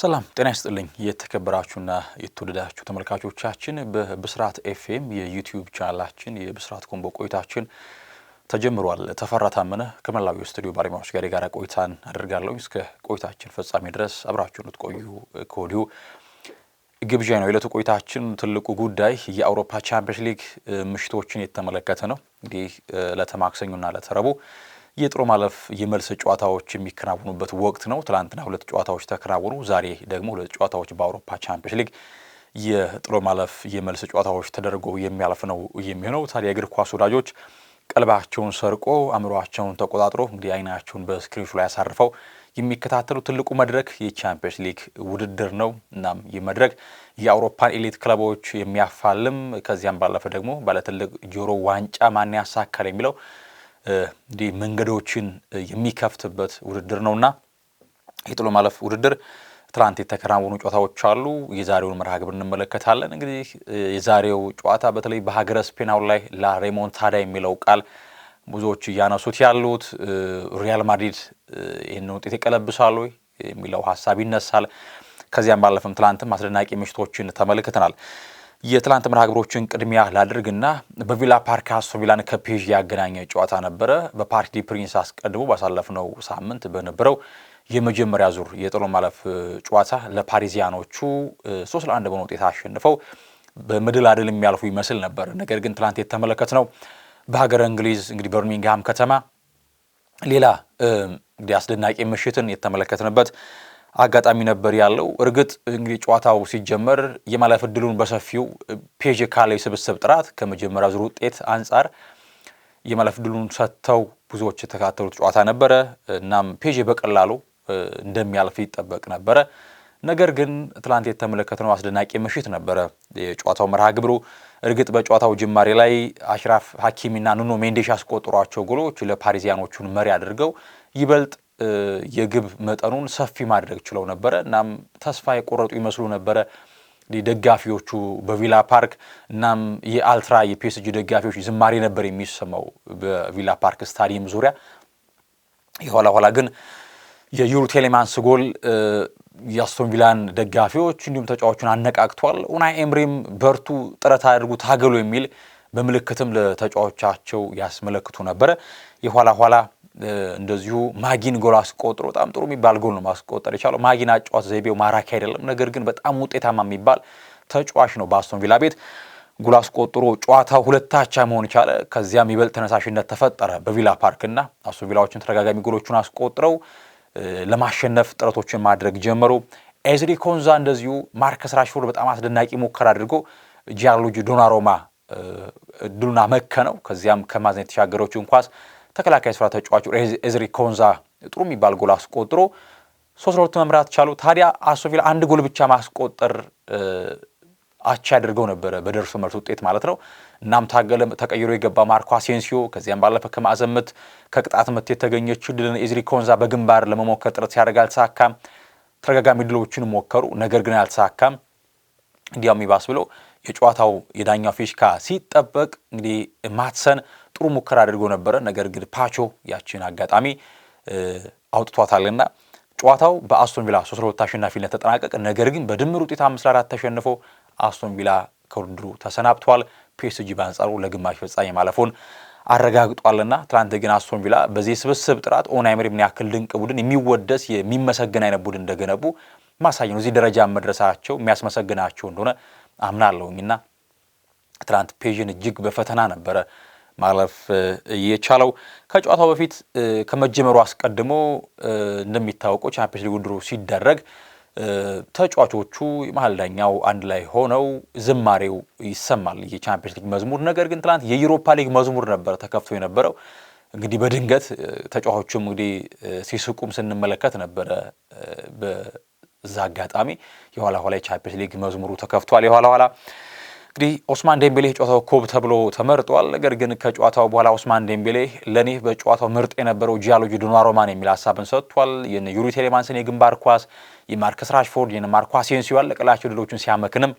ሰላም ጤና ይስጥልኝ። የተከበራችሁና የተወደዳችሁ ተመልካቾቻችን በብስራት ኤፍኤም የዩቲዩብ ቻናላችን የብስራት ኮምቦ ቆይታችን ተጀምሯል። ተፈራ ታመነ ከመላው የስቱዲዮ ባለሙያዎች ጋር የጋራ ቆይታን አድርጋለሁ። እስከ ቆይታችን ፍጻሜ ድረስ አብራችሁን ልትቆዩ ከወዲሁ ግብዣ ነው። የዕለቱ ቆይታችን ትልቁ ጉዳይ የአውሮፓ ቻምፒየንስ ሊግ ምሽቶችን የተመለከተ ነው። እንግዲህ ለተማክሰኙና ማክሰኞና የጥሎ ማለፍ የመልስ ጨዋታዎች የሚከናወኑበት ወቅት ነው። ትላንትና ሁለት ጨዋታዎች ተከናወኑ። ዛሬ ደግሞ ሁለት ጨዋታዎች በአውሮፓ ቻምፒዮንስ ሊግ የጥሎ ማለፍ የመልስ ጨዋታዎች ተደርጎ የሚያልፍ ነው የሚሆነው። ታዲያ የእግር ኳስ ወዳጆች ቀልባቸውን ሰርቆ አእምሯቸውን ተቆጣጥሮ እንግዲህ አይናቸውን በስክሪንሹ ላይ አሳርፈው የሚከታተሉ ትልቁ መድረክ የቻምፒዮንስ ሊግ ውድድር ነው። እናም ይህ መድረክ የአውሮፓን ኤሊት ክለቦች የሚያፋልም ከዚያም ባለፈ ደግሞ ባለትልቅ ጆሮ ዋንጫ ማን ያሳካል የሚለው እንዲህ መንገዶችን የሚከፍትበት ውድድር ነውና የጥሎ ማለፍ ውድድር ትናንት የተከናወኑ ጨዋታዎች አሉ። የዛሬውን መርሃ ግብር እንመለከታለን። እንግዲህ የዛሬው ጨዋታ በተለይ በሀገረ ስፔናው ላይ ላሬሞንታዳ የሚለው ቃል ብዙዎች እያነሱት ያሉት ሪያል ማድሪድ ይህንን ውጤት ይቀለብሳሉ የሚለው ሀሳብ ይነሳል። ከዚያም ባለፈም ትናንትም አስደናቂ ምሽቶችን ተመልክተናል። የትላንት መርሃ ግብሮችን ቅድሚያ ላድርግና በቪላ ፓርክ አስቶን ቪላን ከፔዥ ያገናኘ ጨዋታ ነበረ። በፓርክ ዲ ፕሪንስ አስቀድሞ ባሳለፍነው ሳምንት በነበረው የመጀመሪያ ዙር የጥሎ ማለፍ ጨዋታ ለፓሪዚያኖቹ ሶስት ለአንድ በሆነ ውጤት አሸንፈው በመደላደል የሚያልፉ ይመስል ነበር። ነገር ግን ትላንት የተመለከት ነው በሀገረ እንግሊዝ እንግዲህ በርሚንግሃም ከተማ ሌላ እንግዲህ አስደናቂ ምሽትን የተመለከትንበት አጋጣሚ ነበር ያለው። እርግጥ እንግዲህ ጨዋታው ሲጀመር የማለፍ እድሉን በሰፊው ፔዥ ካለው የስብስብ ጥራት ከመጀመሪያ ዙር ውጤት አንጻር የማለፍ እድሉን ሰጥተው ብዙዎች የተካተሉት ጨዋታ ነበረ። እናም ፔዥ በቀላሉ እንደሚያልፍ ይጠበቅ ነበረ። ነገር ግን ትላንት የተመለከትነው አስደናቂ ምሽት ነበረ የጨዋታው መርሃ ግብሩ። እርግጥ በጨዋታው ጅማሬ ላይ አሽራፍ ሐኪሚና ኑኖ ሜንዴሽ ያስቆጠሯቸው ጎሎች ለፓሪዚያኖቹን መሪ አድርገው ይበልጥ የግብ መጠኑን ሰፊ ማድረግ ችለው ነበረ። እናም ተስፋ የቆረጡ ይመስሉ ነበረ ደጋፊዎቹ በቪላ ፓርክ። እናም የአልትራ የፒኤስጂ ደጋፊዎች ዝማሬ ነበር የሚሰማው በቪላ ፓርክ ስታዲየም ዙሪያ። የኋላ ኋላ ግን የዩሩ ቴሌማንስ ጎል የአስቶን ቪላን ደጋፊዎች እንዲሁም ተጫዋቹን አነቃቅቷል። ኡናይ ኤምሪም በርቱ፣ ጥረት አድርጉ፣ ታገሉ የሚል በምልክትም ለተጫዋቻቸው ያስመለክቱ ነበረ የኋላ ኋላ እንደዚሁ ማጊን ጎል አስቆጥሮ በጣም ጥሩ የሚባል ጎል ነው ማስቆጠር የቻለው። ማጊን አጫዋት ዘይቤው ማራኪ አይደለም፣ ነገር ግን በጣም ውጤታማ የሚባል ተጫዋች ነው። በአስቶን ቪላ ቤት ጎል አስቆጥሮ ጨዋታው ሁለታቻ መሆን ቻለ። ከዚያም ይበልጥ ተነሳሽነት ተፈጠረ በቪላ ፓርክ እና አስቶን ቪላዎችን ተደጋጋሚ ጎሎቹን አስቆጥረው ለማሸነፍ ጥረቶችን ማድረግ ጀመሩ። ኤዝሪ ኮንዛ እንደዚሁ ማርከስ ራሽፎርድ በጣም አስደናቂ ሙከራ አድርጎ ጂያንሉጂ ዶናሮማ እድሉን አመከነው። ከዚያም ከማዝን የተሻገረችውን ኳስ ተከላካይ ስፍራ ተጫዋቹ ኤዝሪ ኮንዛ ጥሩ የሚባል ጎል አስቆጥሮ ሶስት ለሁለት መምራት ቻሉ። ታዲያ አስቶቪላ አንድ ጎል ብቻ ማስቆጠር አቻ ያደርገው ነበረ በደርሶ መልስ ውጤት ማለት ነው። እናም ታገለ ተቀይሮ የገባ ማርኮ አሴንሲዮ ከዚያም ባለፈ ከማዕዘን ምት ከቅጣት ምት የተገኘችው ድልን ኤዝሪ ኮንዛ በግንባር ለመሞከር ጥረት ሲያደርግ አልተሳካም። ተደጋጋሚ ድሎችን ሞከሩ፣ ነገር ግን አልተሳካም። እንዲያውም ይባስ ብለው የጨዋታው የዳኛው ፊሽካ ሲጠበቅ እንግዲህ ማትሰን ጥሩ ሙከራ አድርጎ ነበረ። ነገር ግን ፓቾ ያችን አጋጣሚ አውጥቷታልና ጨዋታው በአስቶን ቪላ ሶስት ለሁለት አሸናፊነት ተጠናቀቀ። ነገር ግን በድምር ውጤት አምስት ለአራት ተሸንፎ አስቶን ቪላ ከውድድሩ ተሰናብቷል። ፒኤስጂ በአንጻሩ ለግማሽ ፍጻሜ ማለፉን አረጋግጧልና ትናንት ግን አስቶን ቪላ በዚህ ስብስብ ጥራት ኡናይ ኤመሪ ምን ያክል ድንቅ ቡድን የሚወደስ የሚመሰገን አይነት ቡድን እንደገነቡ ማሳያ ነው። እዚህ ደረጃ መድረሳቸው የሚያስመሰግናቸው እንደሆነ አምናለሁኝና ትናንት ፔዥን እጅግ በፈተና ነበረ ማለፍ እየቻለው ከጨዋታው በፊት ከመጀመሩ አስቀድሞ እንደሚታወቀው ቻምፒየንስ ሊግ ውድድሩ ሲደረግ ተጫዋቾቹ የመሀል ዳኛው አንድ ላይ ሆነው ዝማሬው ይሰማል የቻምፒየንስ ሊግ መዝሙር። ነገር ግን ትናንት የዩሮፓ ሊግ መዝሙር ነበረ ተከፍቶ የነበረው። እንግዲህ በድንገት ተጫዋቾቹም እንግዲህ ሲስቁም ስንመለከት ነበረ እዛ አጋጣሚ የኋላ ኋላ የቻምፒየንስ ሊግ መዝሙሩ ተከፍቷል። የኋላ ኋላ እንግዲህ ኦስማን ዴምቤሌ ጨዋታው ኮብ ተብሎ ተመርጧል። ነገር ግን ከጨዋታው በኋላ ኦስማን ዴምቤሌ ለእኔ በጨዋታው ምርጥ የነበረው ጂያሎጂ ዶናሩማን የሚል ሀሳብን ሰጥቷል። ይህን ዩሪ ቴሌማንስን የግንባር ኳስ፣ የማርከስ ራሽፎርድ፣ ይህን የማርኮ አሴንሲዮ ያለቀላቸው ድሎችን ሲያመክንም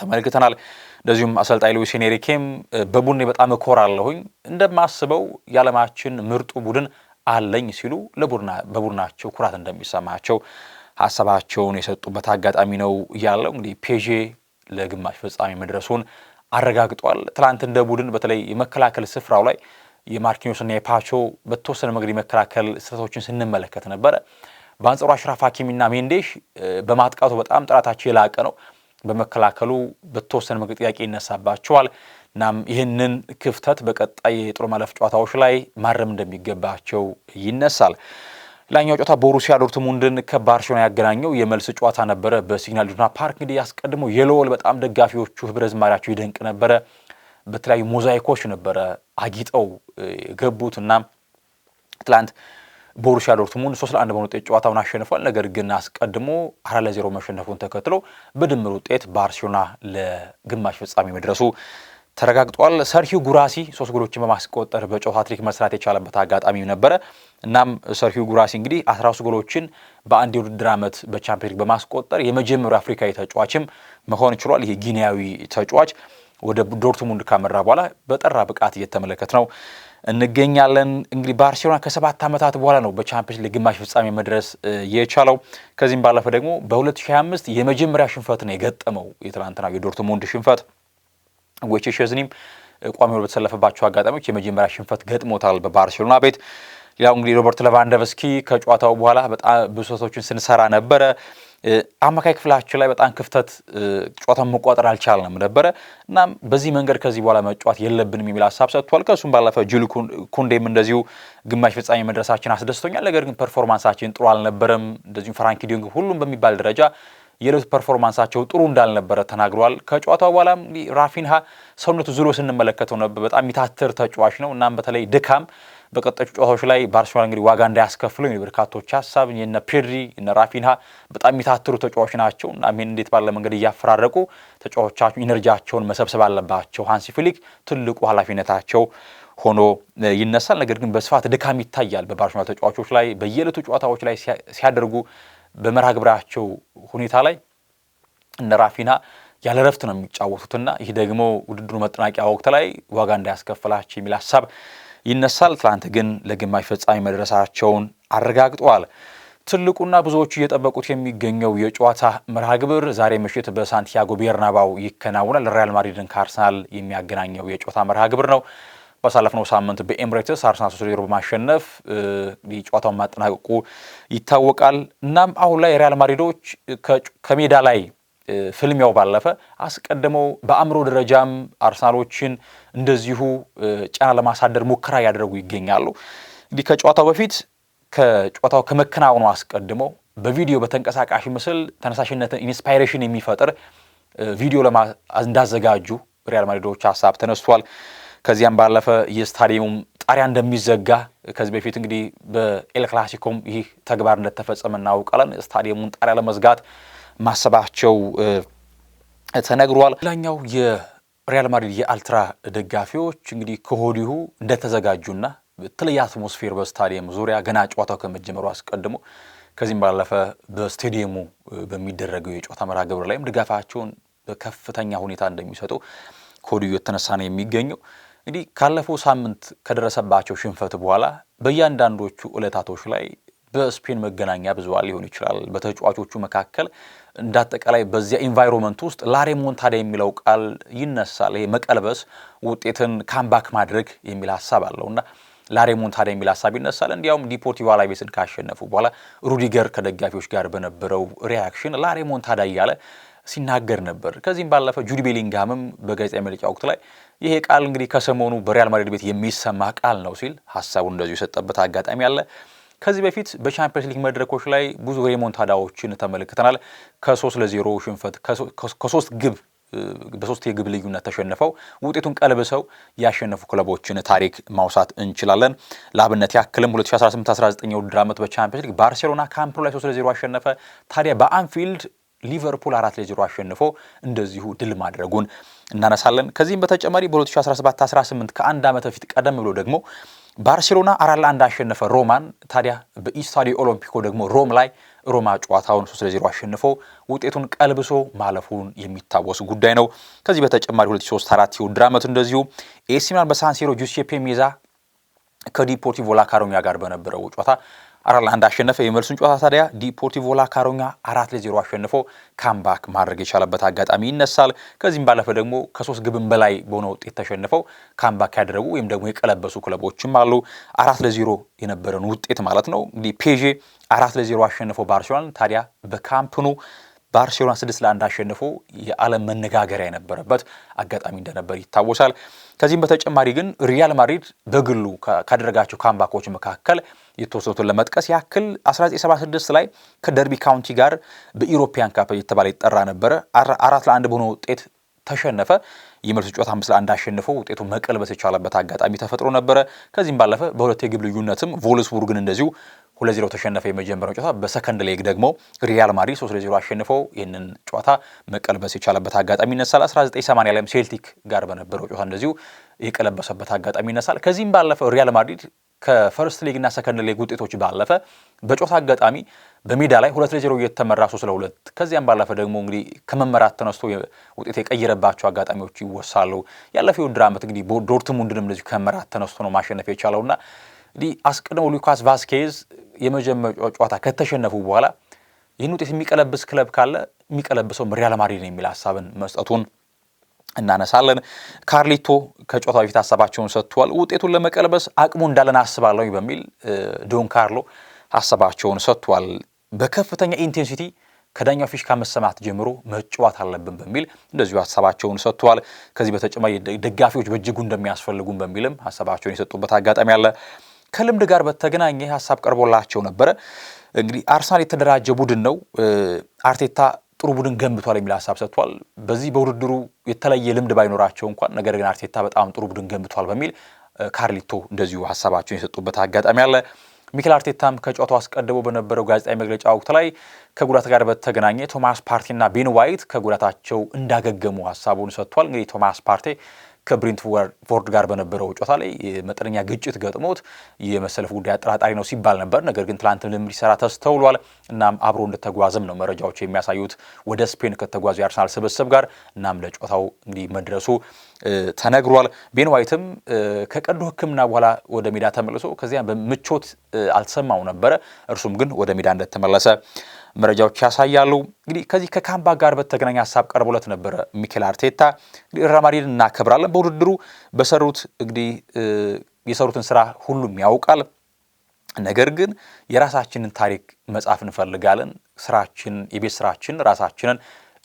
ተመልክተናል። እንደዚሁም አሰልጣኝ ሉዊስ ኤንሪኬም በቡድኔ በጣም እኮራለሁኝ እንደማስበው የዓለማችን ምርጡ ቡድን አለኝ ሲሉ በቡድናቸው ኩራት እንደሚሰማቸው ሀሳባቸውን የሰጡበት አጋጣሚ ነው ያለው። እንግዲህ ፔዤ ለግማሽ ፍጻሜ መድረሱን አረጋግጧል። ትላንት እንደ ቡድን በተለይ የመከላከል ስፍራው ላይ የማርኪኞስና የፓቾ በተወሰነ መንገድ የመከላከል ስህተቶችን ስንመለከት ነበረ። በአንጻሩ አሽራፍ ሀኪሚና ሜንዴሽ በማጥቃቱ በጣም ጥራታቸው የላቀ ነው። በመከላከሉ በተወሰነ መንገድ ጥያቄ ይነሳባቸዋል። እናም ይህንን ክፍተት በቀጣይ የጥሎ ማለፍ ጨዋታዎች ላይ ማረም እንደሚገባቸው ይነሳል። ላኛው ጨዋታ ቦሩሲያ ዶርትሙንድን ከባርሴሎና ያገናኘው የመልስ ጨዋታ ነበረ በሲግናል ኢዱና ፓርክ። እንግዲህ ያስቀድሞ የለወል በጣም ደጋፊዎቹ ህብረ ዝማሪያቸው ይደንቅ ነበረ። በተለያዩ ሞዛይኮች ነበረ አጊጠው የገቡት እና ትላንት ቦሩሲያ ዶርትሙንድ ሶስት ለአንድ በሆነ ውጤት ጨዋታውን አሸንፏል። ነገር ግን አስቀድሞ አራት ለዜሮ መሸነፉን ተከትሎ በድምር ውጤት ባርሴሎና ለግማሽ ፍጻሜ መድረሱ ተረጋግጧል። ሰርሂው ጉራሲ ሶስት ጎሎችን በማስቆጠር በጨዋታ ሃትሪክ መስራት የቻለበት አጋጣሚ ነበረ። እናም ሰርሂው ጉራሲ እንግዲህ 13 ጎሎችን በአንድ የውድድር ዓመት በቻምፒዮንስ ሊግ በማስቆጠር የመጀመሪ አፍሪካዊ ተጫዋችም መሆን ችሏል። ይህ ጊኒያዊ ተጫዋች ወደ ዶርትሙንድ ካመራ በኋላ በጠራ ብቃት እየተመለከት ነው እንገኛለን። እንግዲህ ባርሴሎና ከሰባት ዓመታት በኋላ ነው በቻምፒዮንስ ሊግ ግማሽ ፍጻሜ መድረስ የቻለው። ከዚህም ባለፈ ደግሞ በ2025 የመጀመሪያ ሽንፈት ነው የገጠመው የትናንትናው የዶርትሙንድ ሽንፈት ጎቼ ሼዝኒም ቋሚ ወር በተሰለፈባቸው አጋጣሚዎች የመጀመሪያ ሽንፈት ገጥሞታል በባርሴሎና ቤት። ሌላው እንግዲህ ሮበርት ሌቫንዶቭስኪ ከጨዋታው በኋላ በጣም ብሶቶችን ስንሰራ ነበረ። አማካይ ክፍላችን ላይ በጣም ክፍተት ጨዋታን መቋጠር አልቻልንም ነበረ። እናም በዚህ መንገድ ከዚህ በኋላ መጫወት የለብንም የሚል ሀሳብ ሰጥቷል። ከእሱም ባለፈ ጁል ኩንዴም እንደዚሁ ግማሽ ፍጻሜ መድረሳችን አስደስቶኛል፣ ነገር ግን ፐርፎርማንሳችን ጥሩ አልነበረም። እንደዚሁም ፍራንኪ ዲዮንግ ሁሉም በሚባል ደረጃ የዕለቱ ፐርፎርማንሳቸው ጥሩ እንዳልነበረ ተናግረዋል። ከጨዋታው በኋላም ራፊንሃ ሰውነቱ ዝሎ ስንመለከተው ነበር። በጣም የሚታትር ተጫዋች ነው። እናም በተለይ ድካም በቀጣዩ ጨዋታዎች ላይ ባርሴሎና እንግዲህ ዋጋ እንዳያስከፍለው በርካቶች ሀሳብ የነ ፔድሪ የነ ራፊንሃ በጣም የሚታትሩ ተጫዋች ናቸው እና ይህን እንዴት ባለ መንገድ እያፈራረቁ ተጫዋቾቻቸው ኢነርጂያቸውን መሰብሰብ አለባቸው። ሃንሲ ፊሊክ ትልቁ ኃላፊነታቸው ሆኖ ይነሳል። ነገር ግን በስፋት ድካም ይታያል በባርሴሎና ተጫዋቾች ላይ በየዕለቱ ጨዋታዎች ላይ ሲያደርጉ በመርሃ ግብራቸው ሁኔታ ላይ እነ ራፊና ያለ ረፍት ነው የሚጫወቱትና ይህ ደግሞ ውድድሩ መጠናቂያ ወቅት ላይ ዋጋ እንዳያስከፍላቸው የሚል ሀሳብ ይነሳል። ትላንት ግን ለግማሽ ፍጻሜ መድረሳቸውን አረጋግጠዋል። ትልቁና ብዙዎቹ እየጠበቁት የሚገኘው የጨዋታ መርሃ ግብር ዛሬ ምሽት በሳንቲያጎ ቤርናባው ይከናውናል። ሪያል ማድሪድን ከአርሰናል የሚያገናኘው የጨዋታ መርሃ ግብር ነው። ባሳለፍነው ሳምንት በኤምሬትስ አርሰናል ሶስት ለዜሮ በማሸነፍ ጨዋታውን ማጠናቀቁ ይታወቃል። እናም አሁን ላይ ሪያል ማድሪዶች ከሜዳ ላይ ፍልሚያው ባለፈ አስቀድመው በአእምሮ ደረጃም አርሰናሎችን እንደዚሁ ጫና ለማሳደር ሙከራ እያደረጉ ይገኛሉ። እንግዲህ ከጨዋታው በፊት ከጨዋታው ከመከናወኑ አስቀድመው በቪዲዮ በተንቀሳቃሽ ምስል ተነሳሽነትን ኢንስፓይሬሽን የሚፈጥር ቪዲዮ እንዳዘጋጁ ሪያል ማድሪዶች ሀሳብ ተነስቷል። ከዚያም ባለፈ የስታዲየሙም ጣሪያ እንደሚዘጋ ከዚህ በፊት እንግዲህ በኤልክላሲኮም ይህ ተግባር እንደተፈጸመ እናውቃለን። ስታዲየሙን ጣሪያ ለመዝጋት ማሰባቸው ተነግሯል። ሌላኛው የሪያል ማድሪድ የአልትራ ደጋፊዎች እንግዲህ ከሆዲሁ እንደተዘጋጁና በተለየ አትሞስፌር በስታዲየም ዙሪያ ገና ጨዋታው ከመጀመሩ አስቀድሞ ከዚህም ባለፈ በስቴዲየሙ በሚደረገው የጨዋታ መርሃ ግብር ላይም ድጋፋቸውን በከፍተኛ ሁኔታ እንደሚሰጡ ከሆዲሁ የተነሳ ነው የሚገኘው። እንግዲህ ካለፈው ሳምንት ከደረሰባቸው ሽንፈት በኋላ በእያንዳንዶቹ ዕለታቶች ላይ በስፔን መገናኛ ብዙኃን ሊሆን ይችላል በተጫዋቾቹ መካከል እንዳጠቃላይ በዚያ ኢንቫይሮንመንት ውስጥ ሞንታዳ የሚለው ቃል ይነሳል። ይሄ መቀልበስ፣ ውጤትን ካምባክ ማድረግ የሚል ሀሳብ ላሬ ላሬሞንታዳ የሚል ሀሳብ ይነሳል። እንዲያውም ዲፖርቲቮ አላቬስን ካሸነፉ በኋላ ሩዲገር ከደጋፊዎች ጋር በነበረው ሪያክሽን ላሬሞንታዳ እያለ ሲናገር ነበር። ከዚህም ባለፈ ጁድ ቤሊንግሃምም በጋዜጣ መግለጫ ወቅት ላይ ይሄ ቃል እንግዲህ ከሰሞኑ በሪያል ማድሪድ ቤት የሚሰማ ቃል ነው ሲል ሀሳቡን እንደዚሁ የሰጠበት አጋጣሚ አለ። ከዚህ በፊት በቻምፒየንስ ሊግ መድረኮች ላይ ብዙ ሬሞንታዳዎችን ተመልክተናል። ከሶስት ለዜሮ ሽንፈት ከሶስት ግብ በሶስት የግብ ልዩነት ተሸንፈው ውጤቱን ቀልብሰው ያሸነፉ ክለቦችን ታሪክ ማውሳት እንችላለን። ለአብነት ያክልም 2018/19 የውድድር ዓመት በቻምፒየንስ ሊግ ባርሴሎና ካምፕ ላይ 3 ለ0 አሸነፈ። ታዲያ በአንፊልድ ሊቨርፑል አራት ለዜሮ አሸንፎ እንደዚሁ ድል ማድረጉን እናነሳለን። ከዚህም በተጨማሪ በ2017/18 ከአንድ ዓመት በፊት ቀደም ብሎ ደግሞ ባርሴሎና አራት ለአንድ አሸነፈ ሮማን። ታዲያ በኢስታዲዮ ኦሎምፒኮ ደግሞ ሮም ላይ ሮማ ጨዋታውን ሶስት ለዜሮ አሸንፎ ውጤቱን ቀልብሶ ማለፉን የሚታወስ ጉዳይ ነው። ከዚህ በተጨማሪ 2003/4 የውድድር ዓመት እንደዚሁ ኤሲ ሚላን በሳንሲሮ ጁሴፔ ሜዛ ከዲፖርቲቮ ላ ጋር በነበረው ጨዋታ አራት ለአንድ አሸነፈ። የመልሱን ጨዋታ ታዲያ ዲፖርቲቮ ላ አራት ለዜሮ አሸንፎ ካምባክ ማድረግ የቻለበት አጋጣሚ ይነሳል። ከዚህም ባለፈ ደግሞ ከሶስት ግብን በላይ በሆነ ውጤት ተሸንፈው ካምባክ ያደረጉ ወይም ደግሞ የቀለበሱ ክለቦችም አሉ። አራት ለዜሮ የነበረን ውጤት ማለት ነው እንግዲህ ፔዤ አራት ለዜሮ አሸንፎ ባርሴሎናን ታዲያ በካምፕኑ ባርሴሎና ስድስት ለአንድ አሸንፎ የዓለም መነጋገሪያ የነበረበት አጋጣሚ እንደነበር ይታወሳል። ከዚህም በተጨማሪ ግን ሪያል ማድሪድ በግሉ ካደረጋቸው ካምባኮች መካከል የተወሰኑትን ለመጥቀስ ያክል 1976 ላይ ከደርቢ ካውንቲ ጋር በኢሮፒያን ካፕ እየተባለ ይጠራ ነበረ። አራት ለአንድ በሆነ ውጤት ተሸነፈ። የመልሱ ጨዋታ አምስት ለአንድ አሸንፈው ውጤቱ መቀልበስ የቻለበት አጋጣሚ ተፈጥሮ ነበረ። ከዚህም ባለፈ በሁለት የግብ ልዩነትም ቮልስቡርግን እንደዚሁ ሁለት ዜሮ ተሸነፈ የመጀመሪያው ጨዋታ። በሰከንድ ሌግ ደግሞ ሪያል ማድሪድ ሶስት ለዜሮ አሸንፎ ይህንን ጨዋታ መቀልበስ የቻለበት አጋጣሚ ይነሳል። 1980 ላይም ሴልቲክ ጋር በነበረው ጨዋታ እንደዚሁ የቀለበሰበት አጋጣሚ ይነሳል። ከዚህም ባለፈ ሪያል ማድሪድ ከፈርስት ሊግ እና ሰከንድ ሊግ ውጤቶች ባለፈ በጮታ አጋጣሚ በሜዳ ላይ ሁለት ለዜሮ እየተመራ ሶስት ለሁለት ከዚያም ባለፈ ደግሞ እንግዲህ ከመመራት ተነስቶ ውጤት የቀየረባቸው አጋጣሚዎች ይወሳሉ። ያለፈው የውድድር ዓመት እንግዲህ ዶርትሙንድንም እንደዚሁ ከመመራት ተነስቶ ነው ማሸነፍ የቻለውና እንግዲህ አስቀድሞ ሉካስ ቫስኬዝ የመጀመሪያ ጨዋታ ከተሸነፉ በኋላ ይህን ውጤት የሚቀለብስ ክለብ ካለ የሚቀለብሰውም ሪያል ማድሪድ የሚል ሀሳብን መስጠቱን እናነሳለን። ካርሊቶ ከጨዋታ በፊት ሀሳባቸውን ሰጥተዋል። ውጤቱን ለመቀልበስ አቅሙ እንዳለን አስባለሁ በሚል ዶን ካርሎ ሀሳባቸውን ሰጥቷል። በከፍተኛ ኢንቴንሲቲ ከዳኛው ፊሽካ መሰማት ጀምሮ መጫወት አለብን በሚል እንደዚሁ ሀሳባቸውን ሰጥተዋል። ከዚህ በተጨማሪ ደጋፊዎች በእጅጉ እንደሚያስፈልጉን በሚልም ሀሳባቸውን የሰጡበት አጋጣሚ አለ። ከልምድ ጋር በተገናኘ ሀሳብ ቀርቦላቸው ነበረ። እንግዲህ አርሰናል የተደራጀ ቡድን ነው፣ አርቴታ ጥሩ ቡድን ገንብቷል የሚል ሀሳብ ሰጥቷል። በዚህ በውድድሩ የተለየ ልምድ ባይኖራቸው እንኳን ነገር ግን አርቴታ በጣም ጥሩ ቡድን ገንብቷል በሚል ካርሊቶ እንደዚሁ ሀሳባቸውን የሰጡበት አጋጣሚ አለ። ሚኬል አርቴታም ከጨዋታው አስቀድሞ በነበረው ጋዜጣዊ መግለጫ ወቅት ላይ ከጉዳት ጋር በተገናኘ ቶማስ ፓርቴና ቤን ዋይት ከጉዳታቸው እንዳገገሙ ሀሳቡን ሰጥቷል። እንግዲህ ቶማስ ፓርቴ ከብሬንትፎርድ ጋር በነበረው ጨዋታ ላይ መጠነኛ ግጭት ገጥሞት የመሰለፍ ጉዳይ አጠራጣሪ ነው ሲባል ነበር። ነገር ግን ትላንት ልምምድ ሲሰራ ተስተውሏል። እናም አብሮ እንደተጓዘም ነው መረጃዎች የሚያሳዩት ወደ ስፔን ከተጓዙ የአርሰናል ስብስብ ጋር። እናም ለጨዋታው እንግዲህ መድረሱ ተነግሯል። ቤን ዋይትም ከቀዶ ሕክምና በኋላ ወደ ሜዳ ተመልሶ ከዚያ በምቾት አልተሰማው ነበረ። እርሱም ግን ወደ ሜዳ እንደተመለሰ መረጃዎች ያሳያሉ። እንግዲህ ከዚህ ከካምባ ጋር በተገናኘ ሀሳብ ቀርቦለት ነበረ ሚኬል አርቴታ። እንግዲህ ረማሪን እናከብራለን፣ በውድድሩ በሰሩት እንግዲህ የሰሩትን ስራ ሁሉም ያውቃል። ነገር ግን የራሳችንን ታሪክ መጻፍ እንፈልጋለን፣ ስራችን የቤት ስራችን ራሳችንን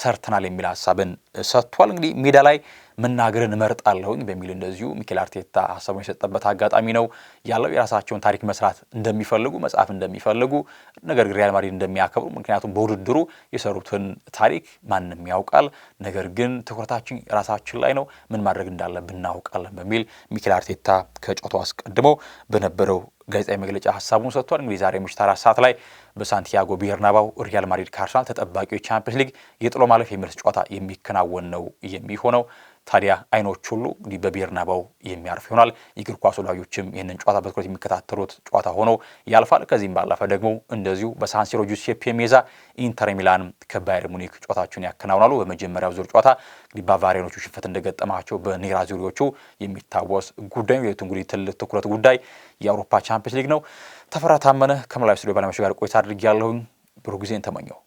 ሰርተናል የሚል ሀሳብን ሰጥቷል። እንግዲህ ሜዳ ላይ መናገርን እመርጣለሁኝ በሚል እንደዚሁ ሚኬል አርቴታ ሀሳቡን የሰጠበት አጋጣሚ ነው ያለው። የራሳቸውን ታሪክ መስራት እንደሚፈልጉ መጽሐፍ እንደሚፈልጉ ነገር ግን ሪያል ማድሪድ እንደሚያከብሩ ምክንያቱም በውድድሩ የሰሩትን ታሪክ ማንም ያውቃል። ነገር ግን ትኩረታችን ራሳችን ላይ ነው፣ ምን ማድረግ እንዳለብን እናውቃለን በሚል ሚኬል አርቴታ ከጨዋታው አስቀድሞ በነበረው ጋዜጣዊ መግለጫ ሀሳቡን ሰጥቷል። እንግዲህ ዛሬ ምሽት አራት ሰዓት ላይ በሳንቲያጎ ቢርናባው ሪያል ማድሪድ ካርሰናል ተጠባቂው ቻምፒየንስ ሊግ የጥሎ ማለፍ የመልስ ጨዋታ የሚከናወን ነው የሚሆነው። ታዲያ አይኖች ሁሉ እንግዲህ በቢርናባው የሚያርፍ ይሆናል። የእግር ኳስ ወዳጆችም ይህንን ጨዋታ በትኩረት የሚከታተሉት ጨዋታ ሆኖ ያልፋል። ከዚህም ባለፈ ደግሞ እንደዚሁ በሳንሲሮ ጁሴፕ ሜዛ ኢንተር ሚላን ከባየር ሙኒክ ጨዋታቸውን ያከናውናሉ። በመጀመሪያው ዙር ጨዋታ እንግዲህ ባቫሪያኖቹ ሽንፈት እንደገጠማቸው በኔራ ዙሪዎቹ የሚታወስ ጉዳይ ነው። እንግዲህ ትልቅ ትኩረት ጉዳይ የአውሮፓ ቻምፒየንስ ሊግ ነው። ተፈራ ታመነ ከመላዊ ስቱዲዮ ባለሙያዎች ጋር ቆይታ አድርጌ ያለሁኝ ብሩህ ጊዜን ተመኘው።